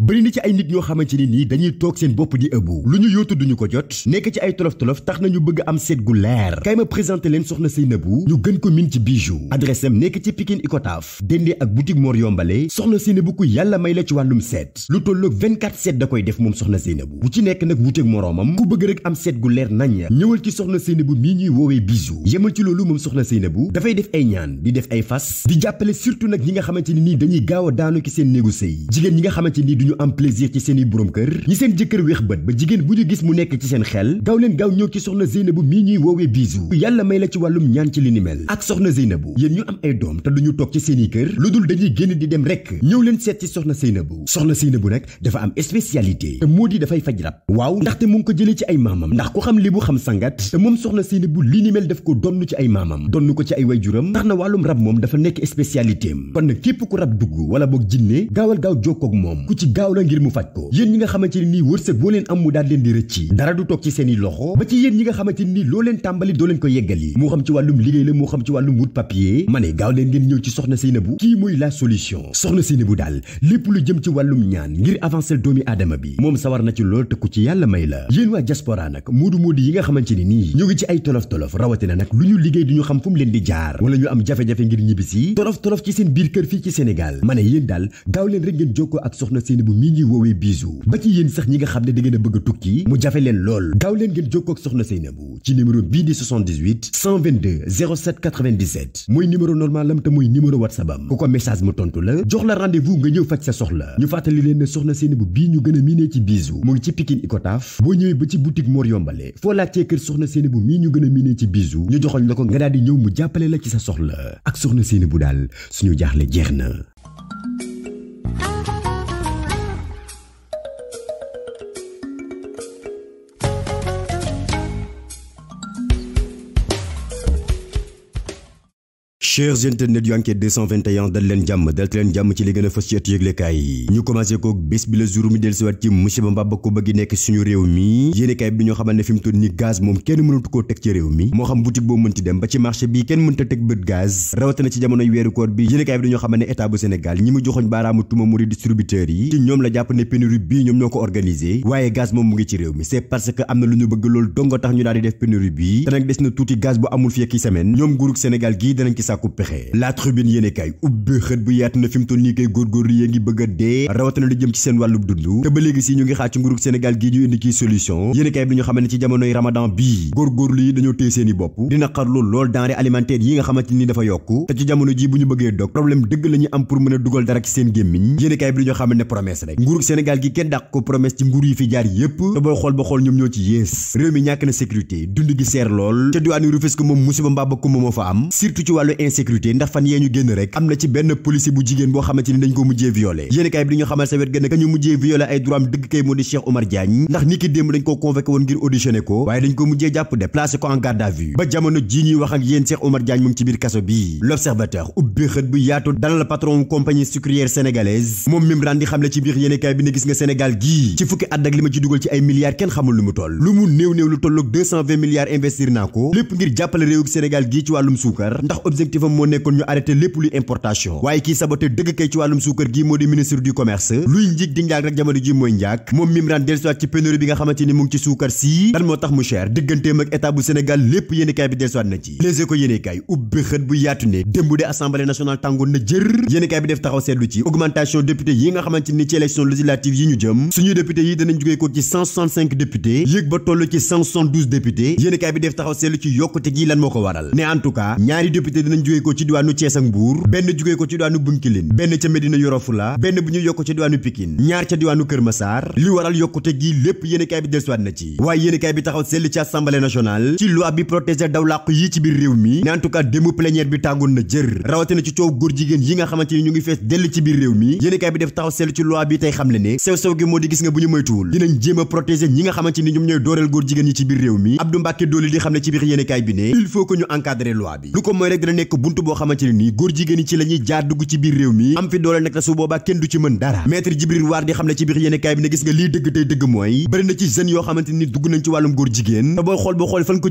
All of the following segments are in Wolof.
bëri na ci ay nit ñoo xamante ni nii dañuy toog seen bopp di ëbbu lu ñu yóotu duñu ko jot nekk ci ay tolof-tolof tax nañu bëgg am seet gu leer kay ma présenté leen soxna Seynabou ñu gën ko min ci bijou adresse am nekk ci Pikine Icotaf dendee ak boutique Mor Yombale soxna Seynabou ku yàlla may la ci wàllum seet lu tolloog 24 seet da koy def moom soxna Seynabou bu ci nekk nag wuteeg moroomam ku bëgg rek am seet gu leer nañ ñëwal ci soxna Seynabou mii ñuy woowee bijou yemal ci loolu moom ñi nga xamante ni nii dañuy gaaw a daanu ki seen néegu sëy jigéen ñu am plaisir ci seen i borom kër ñi seen jëkkër weex bët ba jigéen bu ñu gis mu nekk ci seen xel gaaw leen gaaw ñëw ci soxna Zeynabu mii ñuy woowee Bijou yàlla may la ci wàllum ñaan ci li ni mel ak soxna Zeynabu yéen ñu am ay doom te duñu toog ci seen i kër lu dul dañuy génn di dem rekk ñëw leen seet ci soxna Zeynabu soxna Zeynabu nag dafa am spécialité te moo di dafay faj rab waaw ndaxte mu ngi ko jëlee ci ay maamam ndax ku xam li bu xam sangat te moom soxna Zeynabu li ni mel ko donn ci ay maamam donn ko ci ay wayjuram tax na wàllum moom dafa nekk spécialité am kon nag képp ku rab dugg wala boog jinne gaaw la ngir mu faj ko yéen ñi nga xamante ne nii wërsëg boo leen am mu daal leen di rëcc dara du toog ci seen i loxo ba ci yéen ñi nga xamante ni loo leen tàmbali doo leen ko yeggali moo xam ci wàllum liggéey la moo xam ci wàllum wut papier ma ne gaaw leen ngeen ñëw ci soxna Seynabou kii mooy la solution soxna Seynabou daal lépp lu jëm ci wàllum ñaan ngir avancer doomi aadama bi moom sawar na ci loolu te ku ci yàlla may la yéen waa diaspora nag bu mii nga xam ne ngeen a bëgg a tukki mu jafe bii di 78 122 07 97 mooy numéro normal am te mooy numéro whatsapp ku ko message mu tontu la jox la rendez nga ñëw faj sa soxla ñu fàttali leen ne soxna Seynabou bii ñu gën a miinee ci bisu mu ngi ci Pikine Icotaf boo ñëwee ba ci boutique Mor Yombale foo laajtee kër soxna Seynabou mii ñu gën a miinee ci bisu ñu joxoñ la ko nga daal di ñëw mu jàppale la ci sa soxla ak soxna Seynabou daal suñu jaaxle jeex na chers internet yu dal leen jàmm dal leen jàmm ci li gën a fës ci ëttu yëglekaay yi ñu commencé ko bés bi la jour mi dellusiwaat ci monsieur ba mbaba ko bëgg nekk suñu réew mi yéenekaay bi ñu xamal ne fi mu toll ni gaz ci jamonoy weeru bi yéenekaay bi dañoo xamal ne état bu ñi mu joxoñ baaraamu tuma mu di distributeurs yi ci ñoom la jàpp ne pénurie bii ñoom ñoo ko organisé waaye gaz moom mu ngi ci réew mi c'est parce que am na sàkku pexe la tribune yéene kaay ubbi bu yaatu na fi mu toll nii koy góorgóorlu yée ngi bëgg dee rawatina lu jëm ci seen wàllub dund te ba léegi si ñu ngi xaar ci nguurug Sénégal gii ñu indi ciy solution yéene bi ñu xamante ni dafa yokku te ci jamono ji bu ñu bëggee dog problème dëgg la am pour mën a dugal dara ci seen gémmiñ yéene bi dañoo xamante promesse rek nguurug Sénégal gi kenn dàq ko promesse ci nguur yi fi jaar yépp te booy xool sécurité ndax fan yee ñu génn rek am na ci benn policier bu jigéen boo xamante ni dañ ko mujjee violé yéeni bi di xamal sa wet gën ka ñu mujjee violé ay droit moom Mimran xamle ci biir yéeni bi ne gis nga Sénégal gii ci fukki at ak ci dugal ci ay milliards kenn xamul lu mu toll lu mu néew néew lu tolloog milliards investir naa ko lépp ngir jàppale réewu Sénégal gii ci wàllum suukar ndax objectif objectifam moo nekkoon ñu arrêté lépp luy importation waaye kii saboté dëgg kay ci wàllum suukar gi moo di ministre du commerce luy njig di njaag rek jamono ji mooy njaag moom Mimran dellusiwaat ci pénurie bi nga xamante ni mu ci suukar sii lan moo tax mu cher digganteem ak état bu Sénégal lépp yéenekaay bi def taxaw seetlu ci augmentation député yi nga xamante ni ci élection législative yi ñu jëm suñu député yi danañ jógee ci 165 députés ba toll ci jugee jër rawatina ci coow góor jigéen yi nga xamante ñu ngi fees dell ci biir réew mi yéenekaay bi def taxaw seetlu ci loi bi tey xam ne sew-sew gi moo di gis nga bu ñu moytuwul dinañ jéem a ñi nga xamante ni ñooy dooreel góor jigéen yi ci biir réew mi Abdou Mbacke Dooli di xam ci biir yéenekaay bi ne il faut ñu encadrer loi bi lu ko mooy dina nekk bunt boo xamante ne nii góor jigéen yi ci la ñuy jaar dugg ci biir réew mi am fi doole nag te su boobaa kenn du ci mën dara maître Djibril War di xam ne ci biir yéene kaay bi ne gis na ci jeunes yoo xamante ni dugg nañ ci wàllum góor jigéen te booy xool boo xool fan ko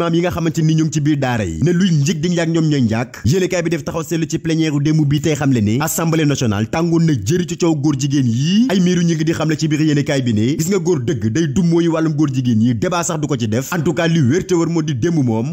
nga xamante ni ñoom ci biir daara yi ne luy njëg di njaag ñoom ñooy njaag bi def taxaw seetlu ci plénière u bi tey xam le ne assemblée nationale tàngoon na jëri ci coow góor jigéen yi ay miiru ñi ngi di xam le ci biir yéene bi ne gis nga góor dëgg day dummooyu wàllum góor jigéen yi débat sax du ko ci def en tout cas li wér te wër moo di démb moom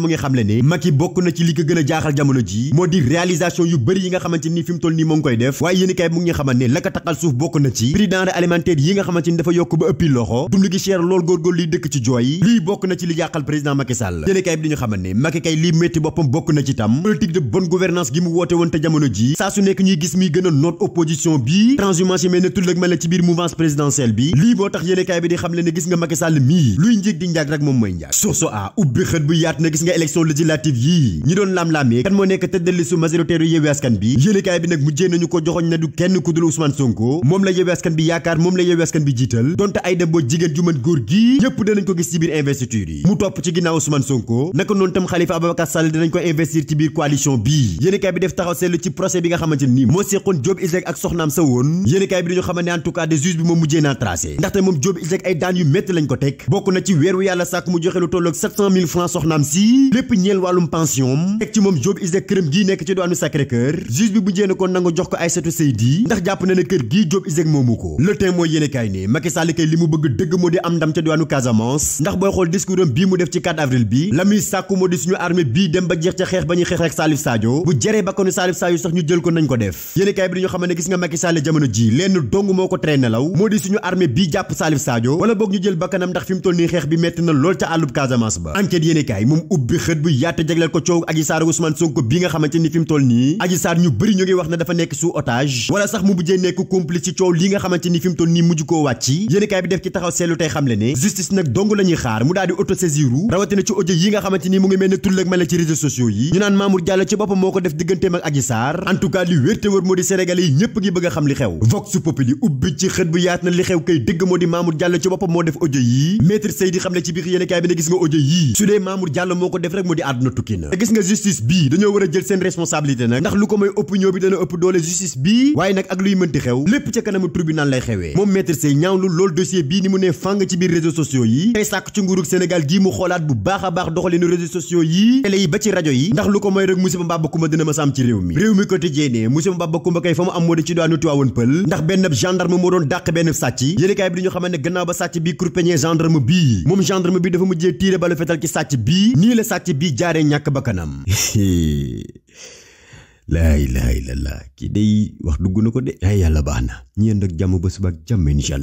mu ngi i kay lii métti boppam bokk na ci tam politique de bonne gouvernance gi mu woote woon te jamono ji saa su nekk ñuy gis muy gën noot opposition bi transhumance yi mel ne tullëg mel ne ci biir mouvance présidentielle bi lii moo tax yéen bi di xam le gis nga Macky Sall mii luy njëg di njaag rek moom mooy njaag source a ubbi xët bu yaat na gis nga nga élection yii ñi doon laam-laamee kan moo nekk tëddal listu majoritaire Yewwi Askan bi yéenekaay bi nag mujjee nañu ko joxoñ na du kenn ku dul Sonko moom la Yewwi Askan bi yaakaar moom la Yewwi Askan bi jiital donte Aïda Mbodj jigéen ju góor gii yépp danañ ko gis ci biir investiture yi mu topp ci ginnaaw Ousmane Sonko naka noonu tam Khalifa Ababacar Sall danañ ko investir ci biir coalition bii yéenekaay bi def taxaw seetlu ci procès lépp ñeel wàllum pension am teg ci moom Diop ISEG këram gii nekk ci diwaanu Sacré-Cœur juge bi bu njéen ko nangu jox ko Aïssatou Seydi ndax jàpp na kër gii Diop ISEG moomu ko le mooy yéene ne Macky Sall li mu bëgg dëgg moo di am ndam ca diwaanu Casamance ndax booy xool discours am mu def ci 4 avril bi la muy sàkku moo di suñu armée bii dem ba jeex ca xeex ba ñuy xeex ak Salif Sadio bu jëree bakkanu Salif Sadio sax ñu jël ko nañ ko ubbi xët bu yaate jagleel ko coow Adji Sarr Ousmane bi nga xamante ni fi toll nii Adji ñu bëri ñu ngi wax ne dafa nekk sous otage wala sax mu mujjee nekk complice ci coow li nga xamante ni fi toll nii mujj koo wàcci yéenekaay bi def ci taxaw seetlu tey xamle ne justice nag dong la xaar mu daal di autosaisiru rawatina ci audio yi nga xamante ni mu ngi mel ne tullak mel ci réseaux sociaux yi ñu naan Mamour Diallo ci boppam moo ko def digganteem ak Adji def rek moo di àdduna tukki na gis nga justice bii dañoo war a jël seen responsabilité nag ndax lu ko may opinion bi dana ëpp doole justice bii waaye nag ak luy mënti xew lépp ca kanamu tribunal lay xewee moom maître Sèye ñaawlu loolu dossier bii ni mu ne fàng ci biir réseaux sociaux yi tey sàkk ci nguurug Sénégal gii mu xoolaat bu baax baax doxalinu réseaux sociaux yi télé yi ba ci rajo yi ndax lu ko may rek musiba mbaa bakkumba dina ma sàmm ci réew la sàcc bi jaaree ñàkk bakkanam laa ilaha illallah kii day wax dugg na ko de ay yàlla baax na ñu yend ak jàmm ba suba ak jàmm incha